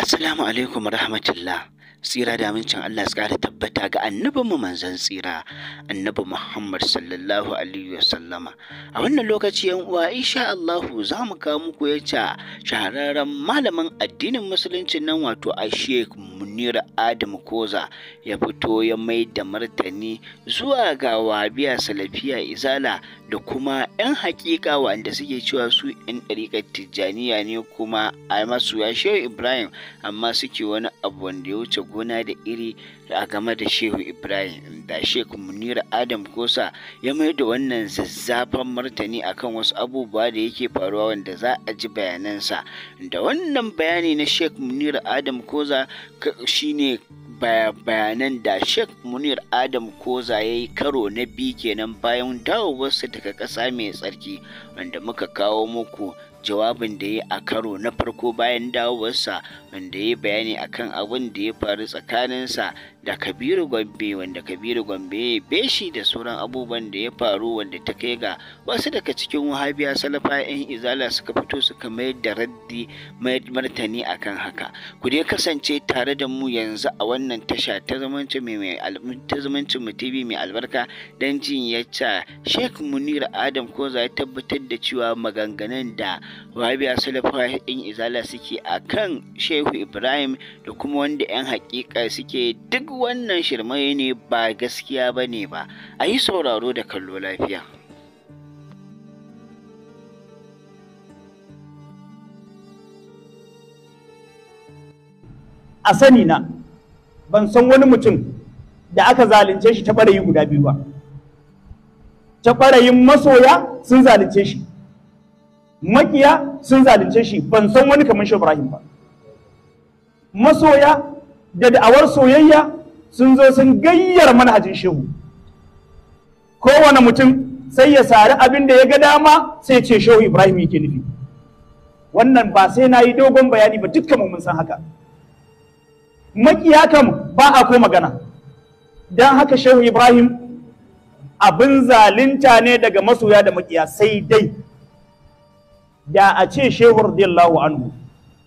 Assalamu alaikum rahmatullah. Tsira da amincin Allah su ƙara tabbata ga annabinmu manzon tsira, annabi Muhammad sallallahu alaihi wasallama. A wannan lokaci yan uwa insha Allahu za mu kawo muku yacca shahararren malamin addinin musulunci nan wato a Sheikh Munir Adam Koza ya fito ya mai da martani zuwa ga Wabiya Salafiya Izala da kuma 'yan hakika wanda suke cewa su 'yan ɗariƙar tijjaniya ne kuma a masu ya shehu ibrahim amma suke wani abu wanda ya wuce gona da iri a game da shehu ibrahim da shehu munira adam kosa ya mai da wannan zazzafan martani akan wasu abubuwa da yake faruwa wanda za a ji bayanansa da wannan bayani na shehu munira adam kosa shine bayanan da Sheikh Munir Adam Koza ya yi karo na biyu kenan bayan dawowarsa daga ƙasa mai tsarki wanda muka kawo muku jawabin da ya a karo na farko bayan dawowarsa wanda ya bayani akan abin da ya faru tsakaninsa da kabiru gombe wanda kabiru gombe beshi da sauran abubuwan da ya faru wanda ta kai ga wasu daga cikin wahabiya salafa yan izala suka fito suka mayar da raddi martani akan haka ku dai kasance tare da mu yanzu a wannan tasha ta zumunci mai mu tv mai albarka dan jin yacca sheikh munir adam ko za ya tabbatar da cewa maganganun da wahabiya salafa yan izala suke akan shehu ibrahim da kuma wanda yan hakika suke duk wannan shirmai ne ba gaskiya ba ne ba a yi sauraro da kallo lafiya a sani na ban san wani mutum da aka zalunce shi ta ɓarayi guda biyu ba ta ɓarayin masoya sun zalunce shi makiya sun zalunce shi ban san wani kamar shi Ibrahim ba masoya da da'awar soyayya sun zo sun gayyar manhajin shehu kowane mutum sai ya sari abin da ya ga dama sai ce shehu ibrahim yake nufi wannan ba sai na yi dogon bayani ba dukkanmu mun san haka makiyakan ba a ko magana don haka shehu ibrahim abin zalunta ne daga masoya da makiya sai dai da a ce shehu radiyallahu anhu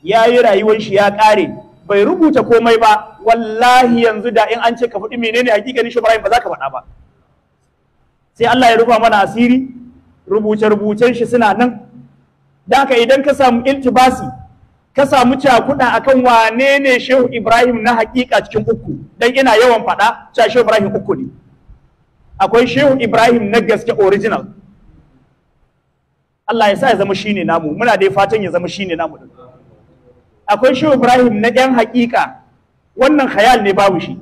ya yi rayuwar shi ya ƙare bai rubuta komai ba wallahi yanzu da in an ce ka faɗi menene hakikanin shi Ibrahim ba za ka faɗa ba sai Allah ya rufa mana asiri rubuce rubucen shi suna nan da haka idan ka samu iltibasi ka samu cakuɗa akan wane ne Shehu Ibrahim na hakika cikin uku dan ina yawan faɗa cewa Shehu Ibrahim uku ne akwai Shehu Ibrahim na gaske original Allah ya sa ya zama shine namu muna dai fatan ya zama shine namu akwai Shehu Ibrahim na ɗan hakika wannan khayal ne babu shi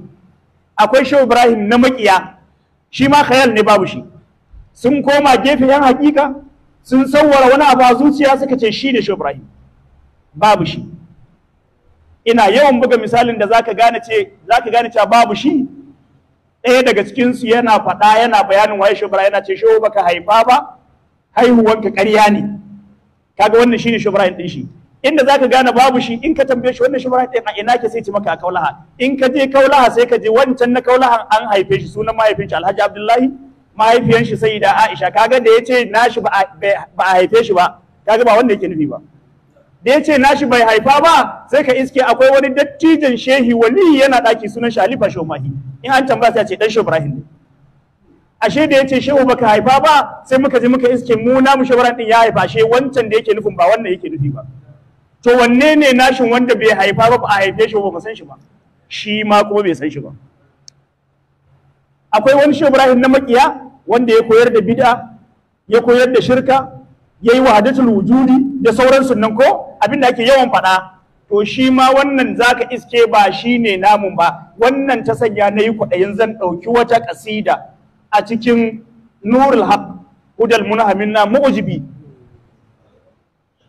akwai shehu ibrahim na makiya shi ma khayal ne babu shi sun koma gefe yan hakika sun sauwara wani abu a zuciya suka ce shi da shehu ibrahim babu shi ina yawan buga misalin da zaka gane ce zaka gane cewa babu shi ɗaya daga cikin su yana faɗa yana bayanin waye shehu ibrahim yana ce shehu baka haifa ba haihuwanka ƙarya ne kaga wannan shine shehu ibrahim din shi inda zaka gane babu shi in ka tambaye shi wannan shubha din a ina ke sai ci maka a kaulaha in ka je kaulaha sai ka je wancan na kaulaha an haife shi sunan mahaifin shi Alhaji Abdullahi mahaifiyan shi Sayyida Aisha kaga da yace nashi ba a haife shi ba kaga ba wanda yake nufi ba da yace nashi bai haifa ba sai ka iske akwai wani dattijan shehi wali yana daki sunan shi Alifa Shomahi in an tambaya sai ce dan Ibrahim ne ashe da yace shehu baka haifa ba sai muka je muka iske mu namu shubran din ya haifa ashe wancan da yake nufin ba wannan yake nufi ba to wanne ne nashin wanda bai haifa ba a haife shi ba mu san shi ba shi ma kuma bai san shi ba akwai wani shi Ibrahim na makiya wanda ya koyar da bid'a ya koyar da shirka ya yi wahadatul wujudi da sauran nan ko abinda ake yawan faɗa to shi ma wannan zaka iske ba shi ne namun ba wannan ta sanya na yi kwaɗayin zan ɗauki wata ƙasida a cikin nurul haq hudal munhamin na mu'jibi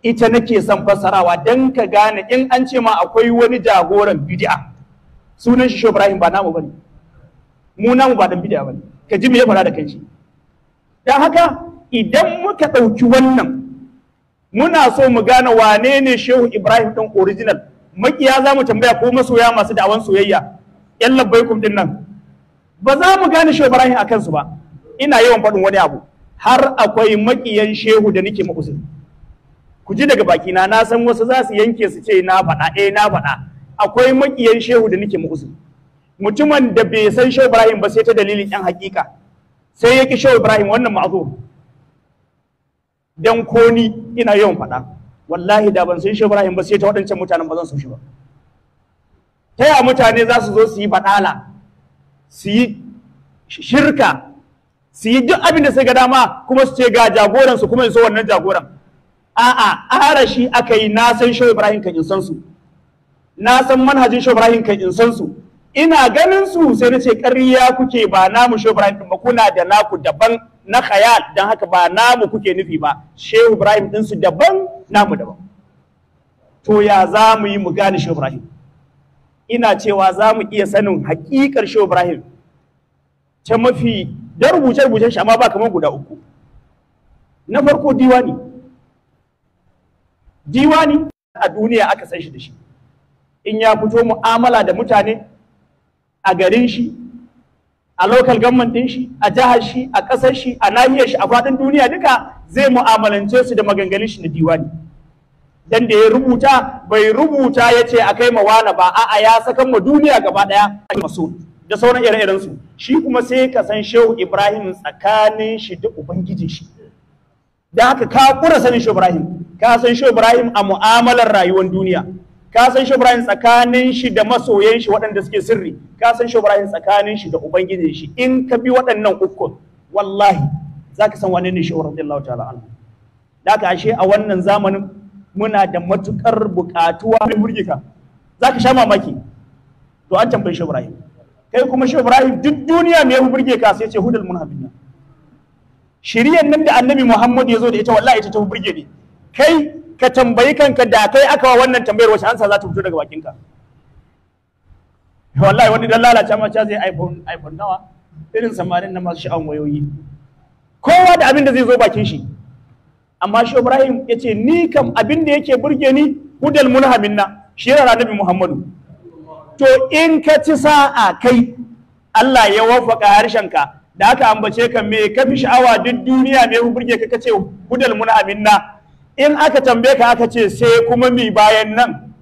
ita nake son fassarawa dan ka gane in an ce ma akwai wani jagoran bid'a sunan shi Ibrahim ba namu bane mu namu ba dan bid'a bane ka ji me ya fara da kanshi. dan haka idan muka ɗauki wannan muna so mu gane wane ne Shehu Ibrahim ɗin original makiya za mu tambaya ko masoya masu da'awan soyayya yan labbaikum din nan ba za mu gane Shehu Ibrahim a kansu ba ina yawan faɗin wani abu har akwai makiyan Shehu da nake ma'uzuri ku ji daga bakina na san wasu za su yanke su ce na faɗa eh na faɗa akwai makiyan shehu da nake mu'uzu mutumin da bai san shehu ibrahim ba sai ta dalilin yan hakika sai ya ki shehu ibrahim wannan ma'azo dan koni ina yawan faɗa wallahi da ban san shehu ibrahim ba sai ta waɗancan mutanen ba zan so shi ba ta yaya mutane za su zo su yi faɗala su yi shirka su yi duk abin da sai ga dama kuma su ce ga jagoransu kuma su wannan jagoran a'a ara shi aka yi na san shehu ibrahim kan in san su na san manhajin shehu ibrahim kan in san su ina ganin su sai na ce ƙarya kuke ba namu shehu ibrahim ba kuna da naku daban na khayal dan haka ba namu kuke nufi ba shehu ibrahim din su daban namu daban to ya za mu yi mu gane shehu ibrahim ina cewa za mu iya sanin haƙiƙar shehu ibrahim ta mafi da rubuce-rubucen shi amma ba kamar guda uku na farko diwani diwani a duniya aka san shi da shi in ya fito mu'amala da mutane a garin shi a local government din shi a jihar shi a ƙasar shi a nahiyar shi a faɗin duniya duka zai mu'amalance su da maganganun shi na diwani dan da ya rubuta bai rubuta ya ce a kai mawana ba a'a ya sakan ma duniya gaba ɗaya maso da sauran ire su shi kuma sai ka san shehu ibrahim tsakanin shi da ubangijin shi da haka ka kura sanin shi Ibrahim ka san shi Ibrahim a mu'amalar rayuwar duniya ka san shi Ibrahim tsakanin shi da masoyan shi waɗanda suke sirri ka san shi Ibrahim tsakanin shi da ubangijin shi in ka bi waɗannan uku wallahi zaka san wane ne shi radiyallahu ta'ala anhu da haka ashe a wannan zamanin muna da matukar buƙatuwa mai burgika zaka sha mamaki to an tambayi shi Ibrahim kai kuma shi Ibrahim duk duniya me ya burge ka sai ce hudul munhabina shiryan nan da annabi Muhammad ya zo da ita wallahi ita ta burge ni kai ka tambayi kanka da kai aka wa wannan tambayar wace ansa za ta fito daga bakinka wallahi wani dan lalace ma zai iPhone iPhone nawa irin samarin na masu sha'an wayoyi kowa da abin da zai zo bakin shi amma shi Ibrahim ya ce ni kam abin da yake burge ni hudal munhamin na shi yana annabi Muhammadu to in ka ci sa'a kai Allah ya wafaka harshenka da aka ambace ka me ka fi sha'awa duk duniya me burge ka kace budal mun aminna in aka tambaye ka aka ce sai kuma mi bayan nan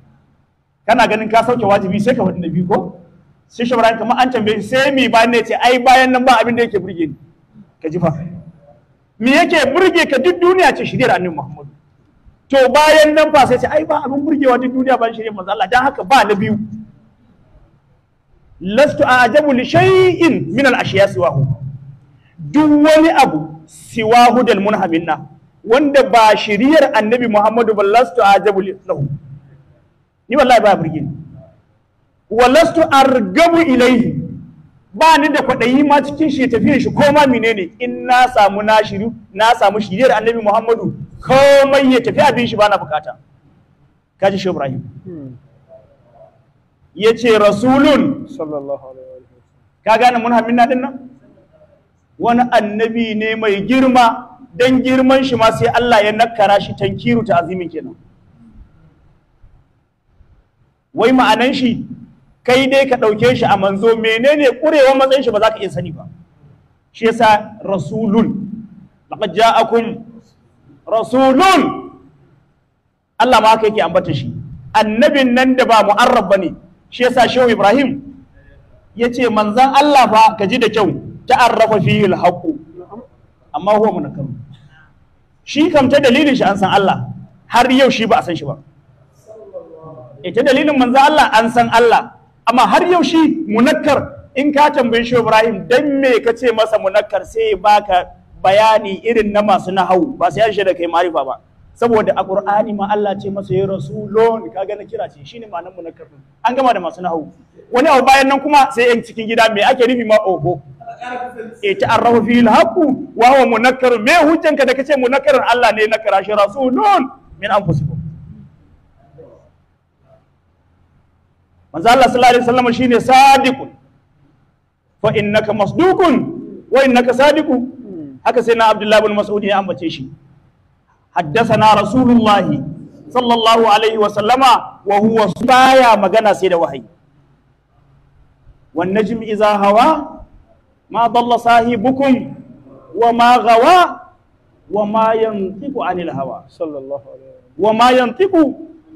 kana ganin ka sauke wajibi sai ka wadanda biyu ko sai shabaran kuma an tambaye sai mi bayan ne ce ai bayan nan ba abin da yake burge ni ka ji fa me yake burge ka duk duniya ce shirya annabi Muhammadu to bayan nan fa sai ce ai ba abin burgewa duk duniya ba shirya manzo Allah dan haka ba na biyu lastu ajabu li shay'in min al ashiya siwahu duk wani abu siwa hudal munhaminna wanda ba shiriyar annabi muhammadu ballastu ajabu lahu ni wallahi ba birgin wallastu argabu ilaihi ba ni da kwaɗayi ma cikin shi tafiyar shi ko ma menene in na samu na samu shiriyar annabi muhammadu komai ya tafi abin shi ba na bukata kaji shi ibrahim ya ce rasulun sallallahu alaihi wa ka gane mun hamin na dinnan wani annabi ne mai girma don girman shi ma sai Allah ya nakara shi tankiru ta azimin kenan wai ma'anan shi kai dai ka ɗauke shi a manzo menene ƙurewa matsayin shi ba za ka iya sani ba shi yasa rasulun laqad ja'akum rasulun Allah ma haka yake ambata shi annabin nan da ba mu'arrab bane shi yasa shehu Ibrahim yace manzan Allah fa ka ji da kyau ta'arrafa fihi al-haqqu amma huwa munakkar shi kam ta dalilin shi an san Allah har yau shi ba a san shi ba E, ta dalilin manzo Allah an san Allah amma har yau shi munakkar in ka tambaye shi Ibrahim dan me ka ce masa munakkar sai baka bayani irin na masu nahawu ba sai ya shi da kai marifa ba saboda a qur'ani ma Allah ce masa ya rasulun kaga na kira ce shine ma'anar munakkar an gama da masu nahawu wani abu bayan nan kuma sai yan cikin gida me ake nufi ma ogo e eh, ta'arrafu fil haqu wa huwa munakkar me hujjanka da kace munakkarin Allah ne nakara shi rasulun min anfusikum manzo Allah sallallahu alaihi wasallam shine sadiqun fa innaka masdukun wa innaka sadiqun haka sai na Abdullahi ibn Mas'ud ya ambace shi حدثنا رسول الله صلى الله عليه وسلم وهو بايا مغنى سيد وحي والنجم إذا هوى ما ضل صاحبكم وما غوى وما ينطق عن الهوى صلى الله عليه وما ينطق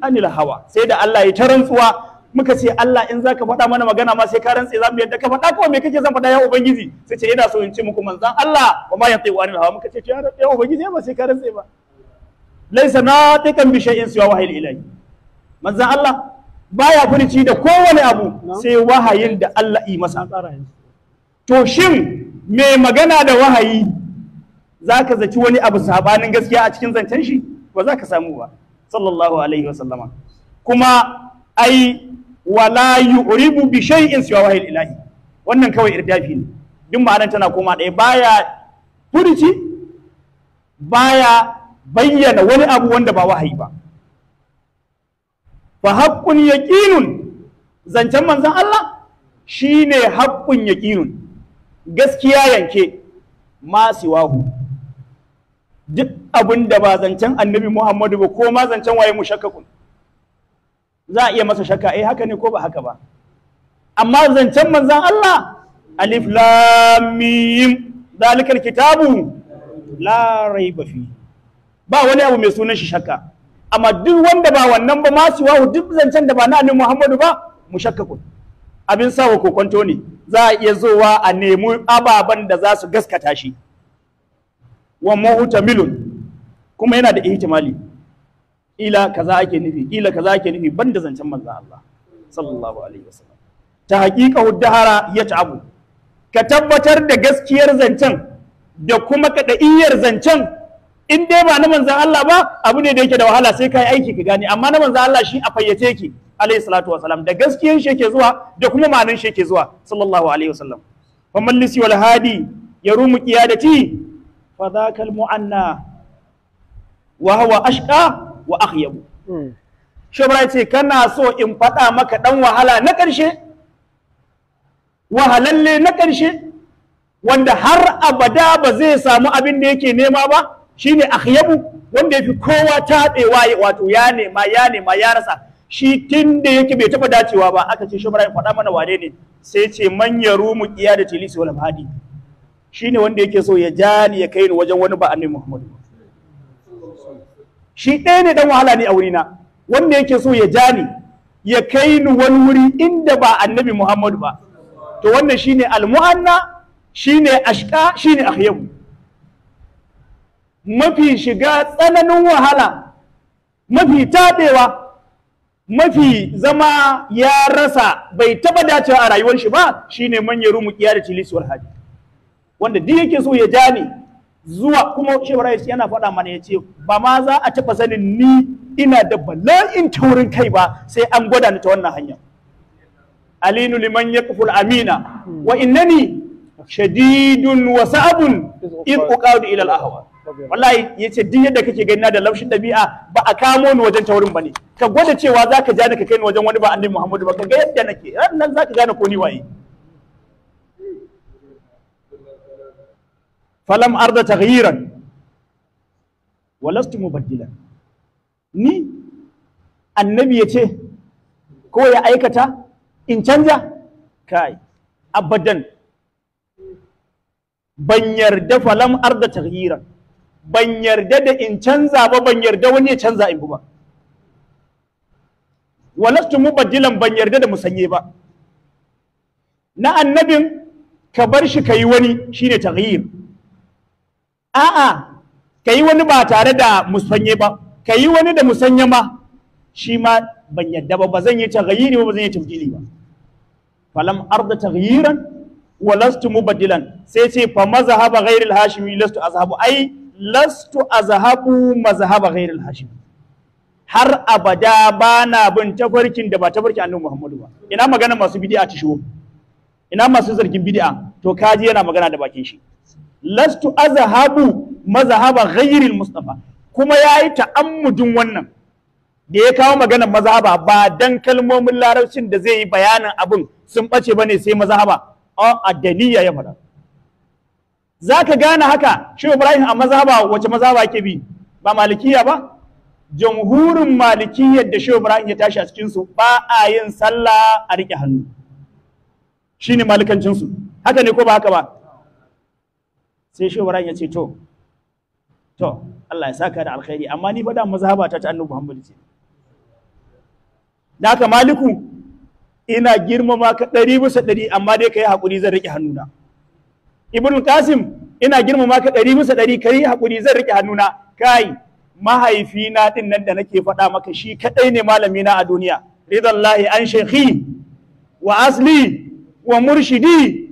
عن الهوى سيد الله يترنسوا muka ce Allah in zaka faɗa mana magana ma sai ka rantse za mu yadda ka faɗa kawai me kake zan faɗa ya ubangiji sai ce ina so in ce muku Allah wa ma yantiqu anil hawa muka ce ya ubangiji ba sai ka rantse ba laisa natiqan bi shay'in siwa wahayi ilahi manzan Allah baya furici da kowane abu sai wahayin da Allah yi masa to shin mai magana da wahayi zaka zaci wani abu sabanin gaskiya a cikin zancen shi ba za ka samu ba sallallahu alaihi wasallama kuma ai wala yu'ribu bi shay'in siwa wahyi ilahi wannan kawai irdafi ne duk ma'anar tana koma ɗaya baya furici baya bayyana wani abu wanda ba wahayi ba fa haqqun yaqinun zancen manzon Allah shine haqqun yaqinun gaskiya yanke ma siwahu duk abin da ba zancen annabi Muhammadu ba ko ma zancen waye mushakkakun za a iya masa shakka eh haka ne ko ba haka ba amma zancen manzon Allah alif lam mim kitabu la raiba fihi ba wani abu mai sunan shi shakka amma duk wanda ba wannan ba masu wahu duk zancen da ba na annabi Muhammadu ba mu shakka kun abin sawa kwanto ne za a iya zowa a nemi ababan da za su gaskata shi wa muhtamilun kuma yana da ihtimali ila kaza ake nufi ila kaza ake nufi banda zancen manzo Allah sallallahu alaihi wasallam ta haqiqa huddahara ya ta'abu ka tabbatar da gaskiyar zancen da kuma kadaiyar zancen in dai ba na manzan Allah ba abu ne da yake da wahala sai kai aiki ka gane amma na manzan Allah shi a fayyace yake alaihi salatu Salam. da gaskiyan shi yake zuwa da kuma ma'anan shi yake zuwa sallallahu alaihi wa fa mallisi wal hadi ya yarumu qiyadati fa dhakal mu'anna wa huwa ashqa wa akhyabu hmm. shobra ce kana so in faɗa maka dan wahala na ƙarshe wahalalle na ƙarshe wanda har abada ba zai samu abin da yake nema ba Shi shine akhyabu wanda ya fi kowa taɓewa wato ya nema ya nema ya rasa shi tun da yake bai taɓa dacewa ba aka ce shabara faɗa mana wane ne sai ce man rumu iya da tilisi wal mahadi ne wanda yake so ya ja ni ya kai ni wajen wani ba annabi muhammadu shi ɗaya ne dan wahala ne a wurina wanda yake so ya ja ni ya kai ni wani wuri inda ba annabi muhammadu ba to wannan shine almu'anna shine ashqa shine akhyabu mafi shiga tsananin wahala mafi taɓewa mafi zama ya rasa bai taɓa dacewa a rayuwar shi ba shine manyan rumu kiya da cilisuwar haji wanda duk yake so ya jani zuwa kuma shebara yana faɗa mana ya ce ba ma za a taɓa sanin ni ina da bala'in taurin kai ba sai an gwada ni ta wannan hanya alinu liman yaqful amina wa innani shadidun wa sa'abun in uqadu ila al-ahwa wallahi yace duk yadda kake gani na da laushin dabi'a ba a kamo ni wajen taurin bane ka gwada cewa zaka ja ni ka kai ni wajen wani ba annabi Muhammadu ba ka ga yadda nake ran nan zaka gane ko ni waye falam arda taghyiran walastu mubaddilan ni annabi yace ko ya aikata in canja kai abadan ban yarda falam arda taghyiran ban yarda da in canza ba ban yarda wani ya canza in ba walastu badilan ban yarda da musanye ba na annabin ka bar shi ka yi wani shine taghyir a'a ka yi wani ba tare da musanye ba ka yi wani da musanye ma shi ma ban yarda ba ba zan yi taghyiri ba ba zan yi tabdili ba falam arda taghyiran walastu mubaddilan sai ce fa mazhaba ghairil hashimi lastu azhabu ai lastu azhabu mazhaba ghairil hashim har abada ba na bin tafarkin da ba tafarkin annabi Muhammadu ba ina magana masu bid'a ta shigo ina masu zargin bid'a to kaji yana magana da bakin shi lastu azhabu mazhaba ghairil mustafa kuma yayi ta'ammudin wannan da ya kawo maganar mazhaba ba dan kalmomin larabcin da zai yi bayanin abin sun bace ne sai mazhaba a adaniya ya fara. za ka gane haka shi ibrahim a mazaba wace mazaba ke bi ba malikiya ba jamhurin malikiyar da shi ibrahim ya tashi a cikin su ba a yin sallah a rike hannu shine malikancin su haka ne ko ba haka ba sai shi ibrahim ya ce to to Allah ya saka da alkhairi amma ni fa da mazhaba ta ta annabi Muhammad ce da haka maliku ina girmama ka ɗari bisa ɗari amma dai ka yi haƙuri zan riƙe hannuna ibn qasim ina girmama ka ɗari bisa ɗari kai hakuri zan rike hannuna kai mahaifina din nan da nake faɗa maka shi kaɗai ne malamina a duniya ridallahi an shekhi wa asli wa murshidi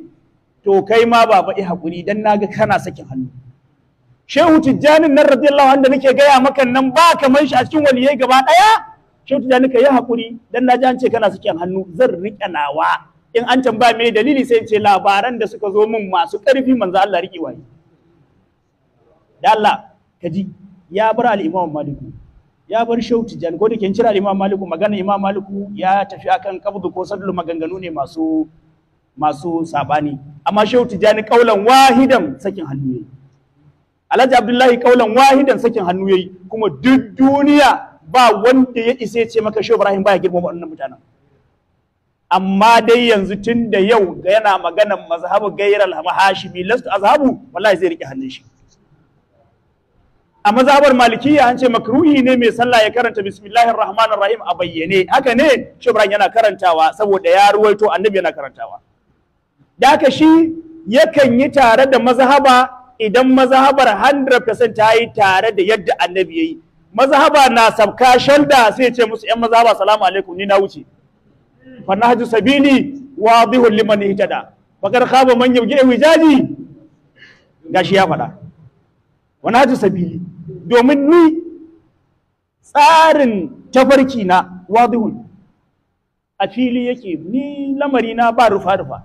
to kai ma ba baɗi haƙuri don naga kana sakin hannu shehu tijjanin nan radiyallahu anhu da nake gaya maka nan ba kamar shi a cikin waliyai gaba ɗaya shehu tijjani ka yi haƙuri don na ji an ce kana sakin hannu zan riƙe nawa in an ba me dalili sai ce labaran da suka zo min masu ƙarfi manzo Allah riƙe waye da Allah kaji ya bar al-Imam Maliku ya bar Shehu jan ko da kin cira al-Imam Maliku magana Imam Maliku ya tafi akan kabdu ko sadul maganganu ne masu masu sabani amma Shehu jan kaulan wahidan sakin hannu yayi Alhaji Abdullahi kaulan wahidan sakin hannu yayi kuma duk duniya ba wanda ya isa ya ce maka Shehu Ibrahim baya girmama wannan mutanen amma dai yanzu tun da yau yana maganan mazhabu gairal mahashimi lastu azhabu wallahi zai rike hannun shi a mazhabar ya an ce makruhi ne mai sallah ya karanta bismillahir rahmanir rahim a bayyane haka ne ibrahim yana karantawa saboda ya ruwaito annabi yana karantawa da haka shi yakan yi tare da mazhaba idan mazhabar 100% ta yi tare da yadda annabi yayi mazhaba na sabka shalda sai ya ce musu yan mazhaba salamu alaikum ni na wuce fa nahju sabili wadihun liman ihtada fakar khaba man yabgi wijaji gashi ya faɗa wa sabili domin ni tsarin tafarki na wadihun a fili yake ni lamari na ba rufa rufa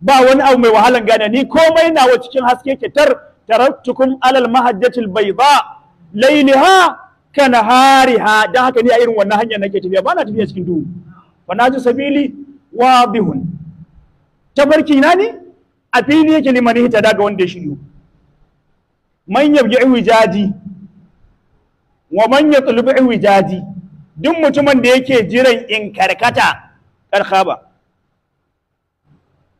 ba wani abu mai wahalan gane ni komai nawa cikin haske ke tar taraktukum alal mahajjatil bayda lailiha kana hariha dan haka ni a irin wannan hanyar nake tafiya ba na tafiya cikin duhu wanaju ji sabili wadihun tabarki na ni a fili yake limani hita daga wanda ya shiryu man yabgi wijaji wa manya yatlubu wijaji duk mutumin da yake jiran in karkata karkhaba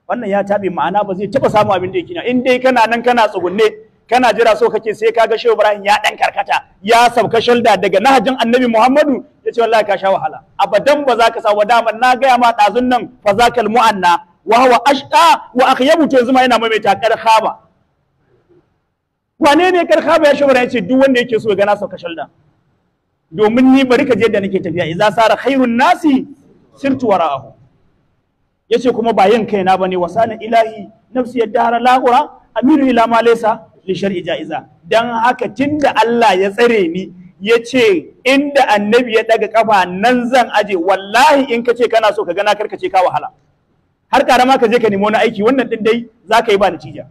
wannan ya tabe ma'ana ba zai taba samu abin da yake na in dai kana nan kana tsugunne kana jira so kake sai kaga shehu ibrahim ya dan karkata ya sauka shalda daga nahajin annabi muhammadu ya ce wallahi ka sha wahala abadan ba za ka sa wadaman na gaya ma dazun nan fa zakal mu'anna wa huwa ashqa wa akhyabu to yanzu ma yana maimaita karhaba wane ne karhaba ya shehu ibrahim duk wanda yake so ya gana sauka shalda domin ni bari ka je da nake tafiya idza sara khairun nasi sirtu wara'ahu yace kuma ba yin kaina bane wasana ilahi nafsi yadda la ura amiru ila ma laysa li shar'i ja'iza dan haka tunda Allah ya tsare ni ya ce inda annabi ya daga kafa nan zan aje wallahi in ka ce kana so ka gana karkace ka wahala har karama ka je ka nemo wani aiki wannan din dai za ka yi ba natija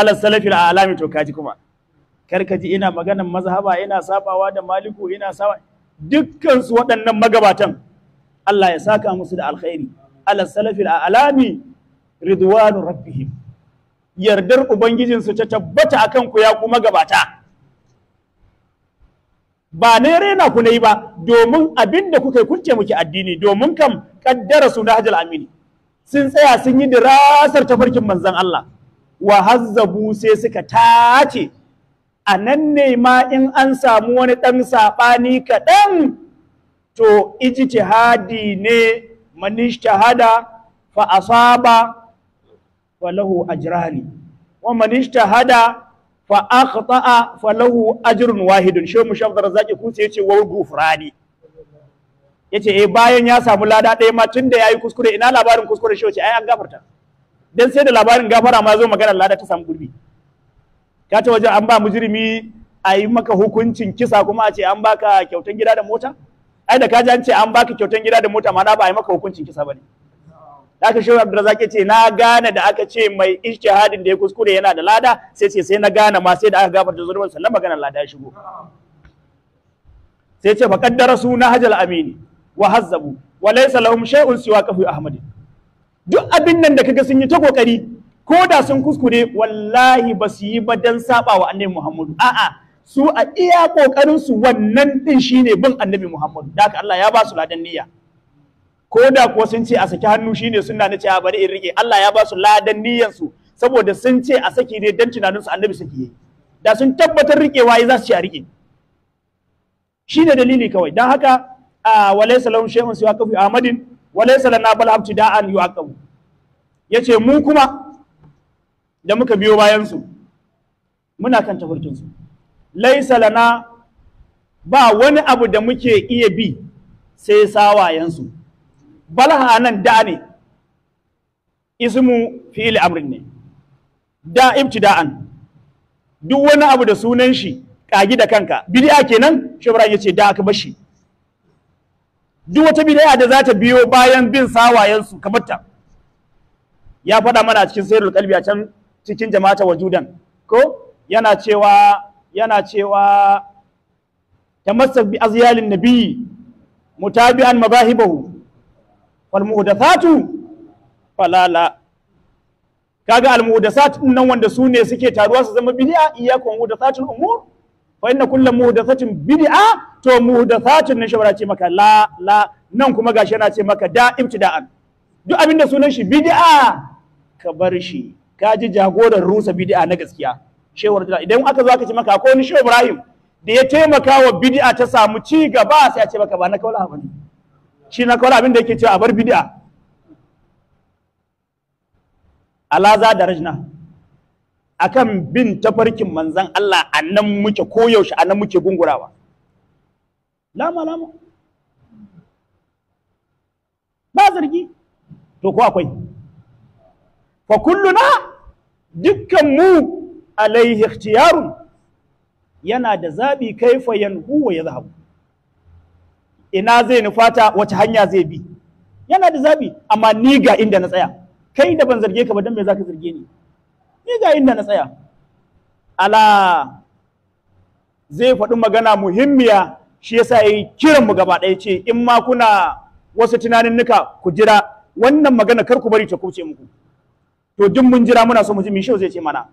ala salafi alami to kaji kuma karkaji ina maganan mazhaba ina sabawa da maliku ina sawa dukkan su waɗannan magabatan Allah ya saka musu da alkhairi ala salafi alami ridwanu rabbihim yardar ubangijinsu ta tabbata a kanku ya kuma gabata ba na rena ku na yi ba domin abin da kuka yi kunce muke addini domin kam kaddara su na hajjal amini sun tsaya sun yi dirasar ta farkin manzan Allah wa hazzabu sai suka tace a nan ne ma in an samu wani ɗan saɓani kaɗan to ijtihadi ne Manishahada, fa asaba falahu ajrani wa man ijtahada fa akhta'a falahu ajrun wahidun shehu mushaf zarzaki kusa yace wa gufrani yace eh bayan ya samu lada ɗaya ma tunda yayi kuskure ina labarin kuskure shehu ce ai an gafarta dan sai da labarin gafara ma zo magana lada ta samu gurbi ka ta wajen an ba mujrimi a yi maka hukuncin kisa kuma a ce an baka kyautan gida da mota ai da kaji an ce an baka kyautan gida da mota ma na ba a yi maka hukuncin kisa ba ne. aka shehu abdurrazak ce na gane da aka ce mai ijtihadin da ya kuskure yana da lada sai ce sai na gane ma sai da aka gafarta zuwa sallan maganar lada ya shigo sai ce faqaddara suna hajal amini wa hazzabu wa laysa lahum shay'un siwa kafi ahmad duk abin nan da kaga sun yi ta kokari ko da sun kuskure wallahi ba su yi ba dan saba wa annabi muhammadu a'a su a iya kokarin su wannan din shine bin annabi muhammadu da haka Allah ya ba su ladan niyya ko da kuwa sun ce a saki hannu shine suna na ce a bari in rike Allah ya ba su ladan niyyansu saboda sun ce a saki ne dan tunanin su annabi saki ne. da sun tabbatar rikewa ya za su ci a rike ne dalili kawai dan haka a walaysa lahum shay'un siwa kafi ahmadin walaysa lana bal da'an yu'aqabu yace mu kuma da muka biyo bayan su muna kan tafarkin su laysa lana ba wani abu da muke iya bi sai sawayensu balaha nan da ne ismu fi'il amrin ne da ibtida'an duk wani abu da sunan shi kagi da kanka bid'a kenan shubran yace da aka bashi duk wata bid'a da za ta biyo bayan bin sawayen su kamar ta ya faɗa mana cikin sayyidul qalbi a can cikin jama'ata wajudan ko yana cewa yana cewa tamassak bi azyalin nabiyyi mutabi'an mabahibahu wal falala kaga al nan wanda su ne suke taruwa su zama bid'a iyyakum muhdathatul umur fa inna kullu muhdathatin bid'a to muhdathatun nan shawara ce maka la la nan kuma gashi yana ce maka da ibtida'an duk abinda sunan shi bid'a ka bar shi ka ji jagoran rusa bid'a na gaskiya shewar da idan aka zo aka ce maka akwai ni shehu Ibrahim da ya taimaka wa bid'a ta samu ci gaba sai a ce maka ba na kaula bane shi na kawai abin da yake cewa a bar bid'a alaza da rajna akan bin tafarkin manzan Allah a nan muke koyaushe a nan muke gungurawa lama lama ba zargi to ko akwai fa kulluna dukkan mu alaihi ikhtiyarun yana da zabi kaifa yanhu wa yadhhabu ina zai nufata wace hanya zai bi yana da zabi amma ni ga inda na tsaya kai da ban zarge ka ba dan me zaka zarge ni ni ga inda na tsaya ala zai faɗi magana muhimmiya shi yasa yayi kiran mu gaba ɗaya ce in ma kuna wasu tunanin nuka ku jira wannan magana kar ku bari ta kuce muku to duk mun jira muna so mu ji mishau zai ce mana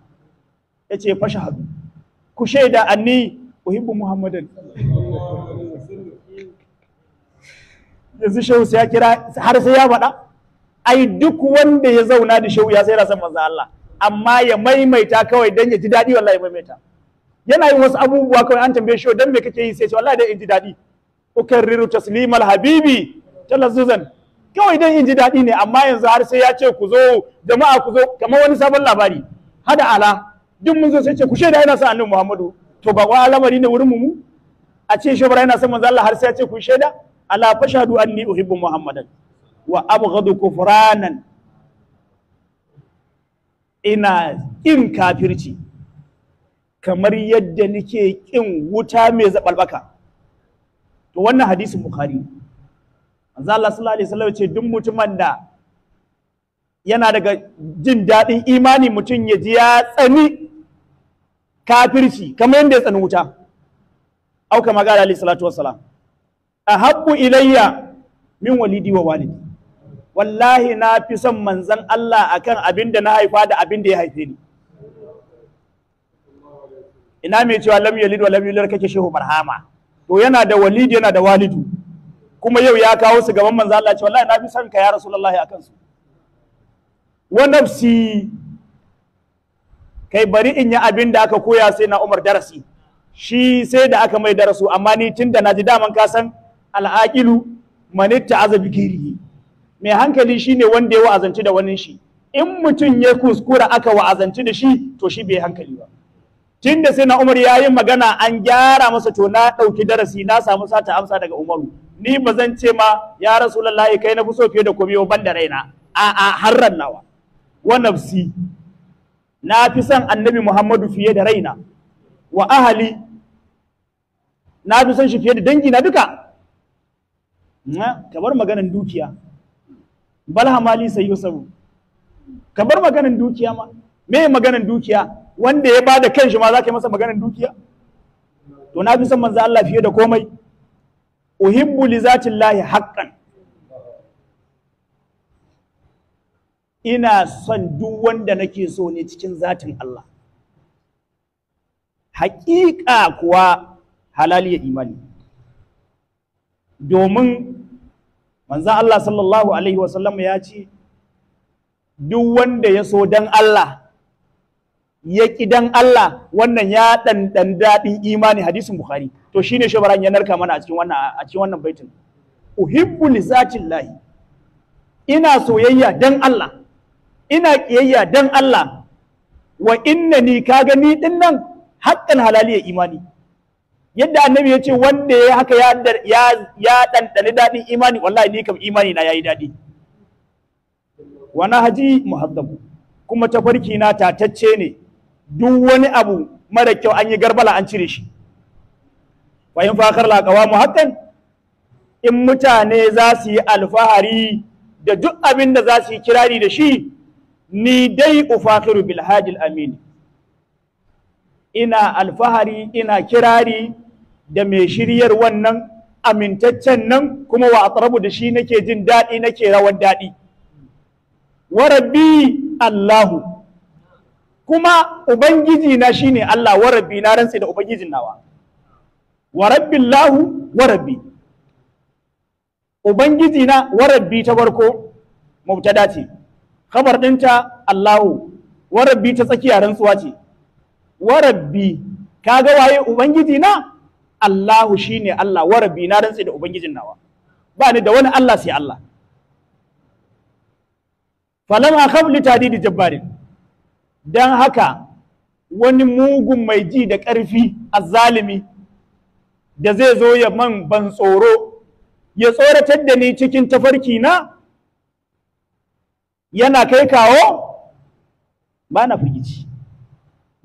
yace fashahadu ku shaida anni uhibbu muhammadan yanzu shehu sai ya kira har sai ya faɗa ai duk wanda ya zauna da shehu ya sai yana son manzo Allah amma ya maimaita kawai dan ya ji daɗi wallahi ya maimaita yana yin wasu abubuwa kawai an tambaye shi dan me kake yi sai ce wallahi dan in ji daɗi ukarriru taslimal habibi talazzuzan kawai dan in ji daɗi ne amma yanzu har sai ya ce ku zo jama'a ku zo kamar wani sabon labari hada ala duk mun zo sai ce ku shaida yana son annabi Muhammadu to ba wa lamari ne wurin mu a ce shobara yana son manzo Allah har sai ya ce ku shaida ala fashadu anni uhibbu muhammadan wa abghadu kufranan ina kin kafirci kamar yadda nake kin wuta mai zabalbaka to wannan hadisin bukhari manzo Allah sallallahu alaihi wasallam ce duk mutumin da yana daga jin daɗin imani mutum ya ji ya tsani kafirci kamar yadda ya tsani wuta auka magana alaihi salatu wassalam ahabbu ilayya min walidi wa walidi wallahi na fi son manzan Allah akan abin da na haifa da abin da ya haife ni ina mai cewa lam yalid wa lam yulad kake shehu marhama to yana da walidi yana da walidu kuma yau ya kawo su gaban manzan Allah cewa wallahi na fi son ka ya rasulullahi akan su wa nafsi kai bari in yi abin da aka koya sai na Umar darasi shi sai da aka mai darasu amma ni tun da na ji daman kasan al'aqilu manitta azabi girihi mai hankali shine wanda ya wa'azanci da wani shi in mutum ya kuskura aka wa'azanci da shi to shi bai hankali ba tun da sai na umar ya yi magana an gyara masa to na ɗauki darasi na samu sata amsa daga umaru ni ba zan ce ma ya rasulullahi kai na fi so fiye da komai ban da raina a a harran nawa wa nafsi na fi son annabi muhammadu fiye da raina wa ahali na fi son shi fiye da dangi na duka ka bar maganan dukiya bal hamali sai yusabu ka bar maganan dukiya ma me maganan dukiya wanda ya bada kanshi ma za ka yi masa maganan dukiya to na fi son manzo Allah fiye da komai uhibbu li zatillahi haqqan ina son duk wanda nake so ne cikin zatin Allah haƙiƙa kuwa halali ya imani domin manzan Allah sallallahu Alaihi wasallam ya ce duk wanda ya so dan Allah ya ki dan Allah wannan ya ɗanɗan daɗin imani hadisin Bukhari to shine shabaran ya narka mana a cikin wannan a cikin wannan baitin uhibbu lahi ina soyayya dan Allah ina ƙiyayya dan Allah wa ni ka ni din nan haƙƙan halaliyar imani yadda annabi ya ce wanda ya haka ya ɗanɗani daɗin imani wallahi ni kam imani na yayi daɗi wani haji muhaddabu kuma tafarki na tatacce ne duk wani abu mara kyau an yi garbala an cire shi fahim fakar laƙawa mu hakan in mutane za su yi alfahari da duk abin da za su yi kirari da shi ni dai ufakiru bilhajil amini ina alfahari ina kirari da mai shiryar wannan amintaccen nan kuma wa atrabu da shi nake jin daɗi nake rawar daɗi wa rabbi Allahu kuma ubangiji na shine Allah wa rabbi na rantsa da ubangijin nawa wa rabbi Allahu wa rabbi ubangiji na wa rabbi ta barko mubtada ce khabar dinta Allahu wa rabbi ta tsakiya rantsuwa ce wa ka ga waye ubangiji na Allahu shine Allah wa rabbi na rantse da ubangijin nawa ba ni da wani Allah sai Allah falam akhaf li tadidi jabbarin dan haka wani mugun mai ji da ƙarfi azzalimi da zai zo ya man ban tsoro ya tsoratar da ni cikin tafarki na yana kai kawo ba na firgici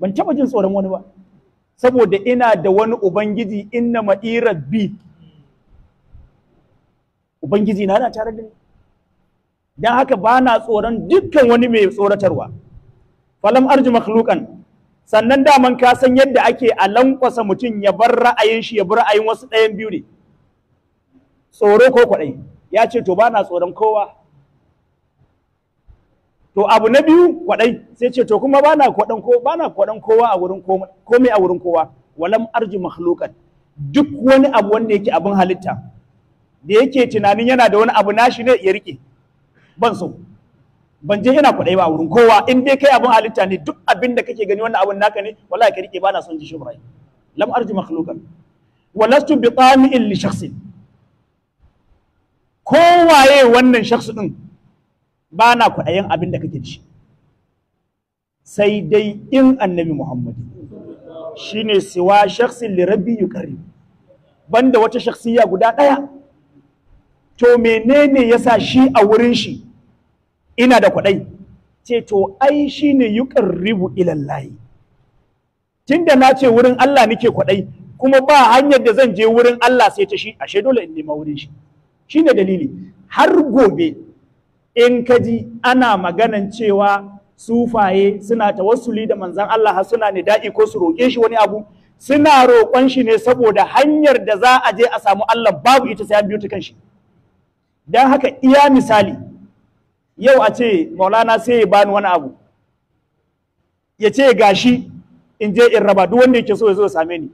ban taɓa jin tsoron wani ba saboda ina da wani ubangiji inna ma'irar bi ubangiji na na tare da ni don haka ba na tsoron dukkan wani mai tsoratarwa falam arji makhlukan sannan daman ka san yadda ake a lankwasa mutum ya bar ra'ayin shi ya bar ra'ayin wasu ɗayan biyu ne tsoro ko kwaɗai ya ce to ba na tsoron kowa to abu na biyu kwadai sai ce to kuma bana kwadan ko bana kwadan kowa a wurin komai a wurin kowa walam arji makhluqan duk wani abu wanda yake abin halitta da yake tunanin yana da wani abu nashi ne ya rike ban so ban je ina kwadai ba wurin kowa in dai kai abin halitta ne duk abin da kake gani wannan abin naka ne wallahi ka rike bana son ji shi Ibrahim lam arji makhluqan walastu bi tami'in li shakhsin kowaye wannan shakhsin din ba na kwaɗayin abin da kake ci sai dai in annabi muhammad shine siwa shaksin lirabbi yuqarrib banda wata shaksiya guda ɗaya to menene ya sa shi a wurin shi ina da kwaɗai ce to ai shi shine yuqarribu ila layi. tunda na ce wurin Allah nake kwaɗai kuma ba hanyar da zan je wurin Allah sai ta shi ashe dole in nema wurin shi Shi ne dalili har gobe in kaji ana maganan cewa sufaye suna tawassuli da manzan Allah Ha suna da'i ko su roƙe shi wani abu suna roƙon shi ne saboda hanyar da za a je a samu Allah babu ita sai an biyo ta kanshi dan haka iya misali yau a ce maulana sai ya bani wani abu ya ce gashi in je in raba duk wanda yake so ya zo ya same ni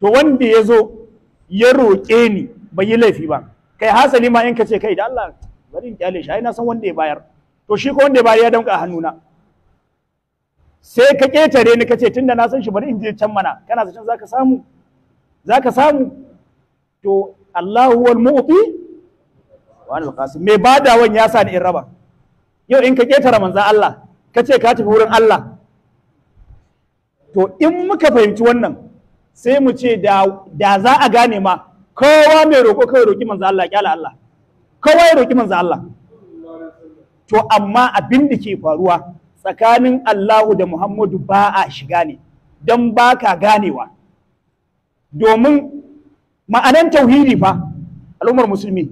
to wanda ya zo ya roƙe ni bai yi laifi ba kai hasali ma in ka ce kai da Allah bari in kyale shi ai na san wanda ya bayar to shi ko wanda ya bayar ya danka hannuna sai ka ketare ni kace tunda na san shi bari in je can mana kana san zaka samu zaka samu to Allahu wal mu'ti wa al qasim me badawan ya sani in raba yau in ka ketare manzo Allah kace ka tafi wurin Allah to in muka fahimci wannan sai mu ce da za a gane ma kowa mai roƙo kawai roƙi manzo Allah kyala Allah Kawai ya roki manzo Allah to amma abin da ke faruwa tsakanin Allahu da Muhammadu ba a shiga ne don ba ka ganewa domin ma'anan tauhidi fa al'ummar musulmi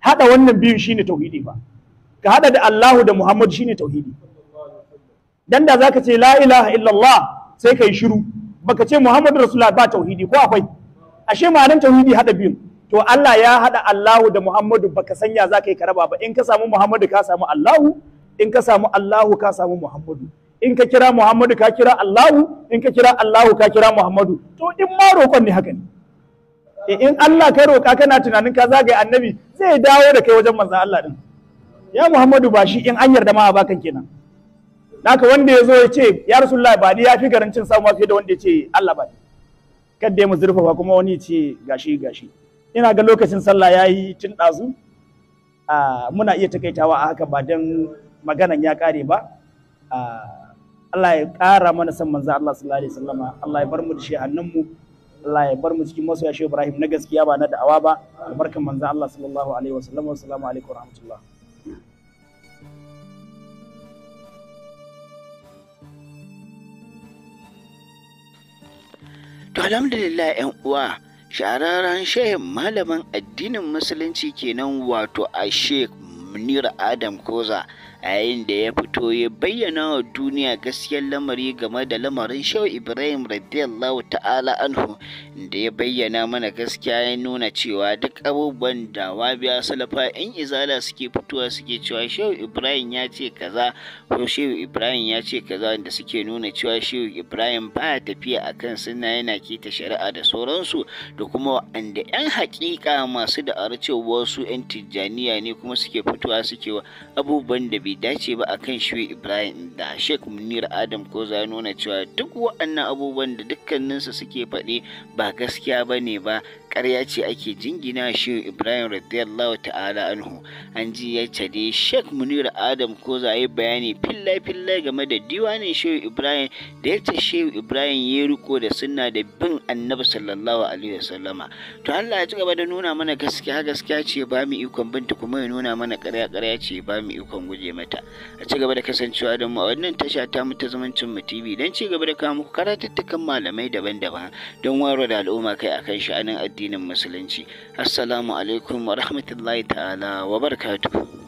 haɗa wannan biyun shine tauhidi fa ka haɗa da Allahu da Muhammadu shine tauhidi dan da zaka ce la ilaha illallah sai ka yi shiru baka ce Muhammadu rasulullah ba tauhidi ko akwai ashe ma'anan tauhidi haɗa biyun to Allah ya haɗa Allahu da Muhammadu baka sanya za ka yi karaba ba in ka samu Muhammadu ka samu Allahu in ka samu Allahu ka samu Muhammadu in ka kira Muhammadu ka kira Allahu in ka kira Allahu ka kira Muhammadu to in ma roƙon ne haka ne eh, in Allah kai roƙa kana tunanin ka zagaye annabi zai dawo da kai wajen manzon Allah din ya Muhammadu ba shi in an yarda ma a bakan kenan haka wanda ya zo ya ce ya Rasulullah ba ni ya fi garancin samuwa fiye da wanda ya ce Allah ba Kan kada ya mu zurfafa kuma wani ce gashi gashi ina ga lokacin sallah ya yi tun ɗazu muna iya takaitawa a haka ba don maganan ya ƙare ba Allah ya ƙara mana san manzo Allah sallallahu alaihi wasallama Allah ya bar mu da shi hannunmu Allah ya bar mu cikin masoya shi Ibrahim na gaskiya ba na da'awa ba albarkan manzo Allah sallallahu alaihi wasallama assalamu alaikum wa rahmatullah To alhamdulillah 'yan uwa shahararren shehin malaman addinin musulunci kenan wato a sheikh munir adam koza yayin da ya fito ya bayyana wa duniya gaskiyar lamari game da lamarin shau ibrahim radiyallahu ta'ala anhu da ya bayyana mana gaskiya ya nuna cewa duk abubuwan da wabiya salafa in izala suke fitowa suke cewa shau ibrahim ya ce kaza ko shau ibrahim ya ce kaza da suke nuna cewa shehu ibrahim ba tafiya a kan suna yana kita shari'a da sauransu da kuma wanda 'yan haƙiƙa masu da cewa wasu 'yan tijjaniya ne kuma suke fitowa suke abubuwan da bai dace ba akan shi Ibrahim da Sheikh Munir Adam ko za nuna cewa duk waɗannan abubuwan da dukkaninsu suke faɗi ba gaskiya ba ne ba ƙarya ce ake jingina shi Ibrahim radiyallahu ta'ala anhu an ji ya cade Sheikh Munir Adam ko zai bayani fillai fillai game da diwanin Shehu Ibrahim da yace Shehu Ibrahim ya riko da sunna da bin Annabi sallallahu alaihi wasallama to Allah ya ci gaba da nuna mana gaskiya gaskiya ce ba mu ikon binta kuma ya nuna mana ƙarya ƙarya ce ba mu ikon guje mata a ci gaba da kasancewa da mu a wannan tasha ta mu ta zumuncin mu TV dan ci gaba da kawo muku malamai daban-daban don waro da al'umma kai akan sha'anin addini addinin musulunci assalamu alaikum wa rahmatullahi ta'ala wa barakatuhu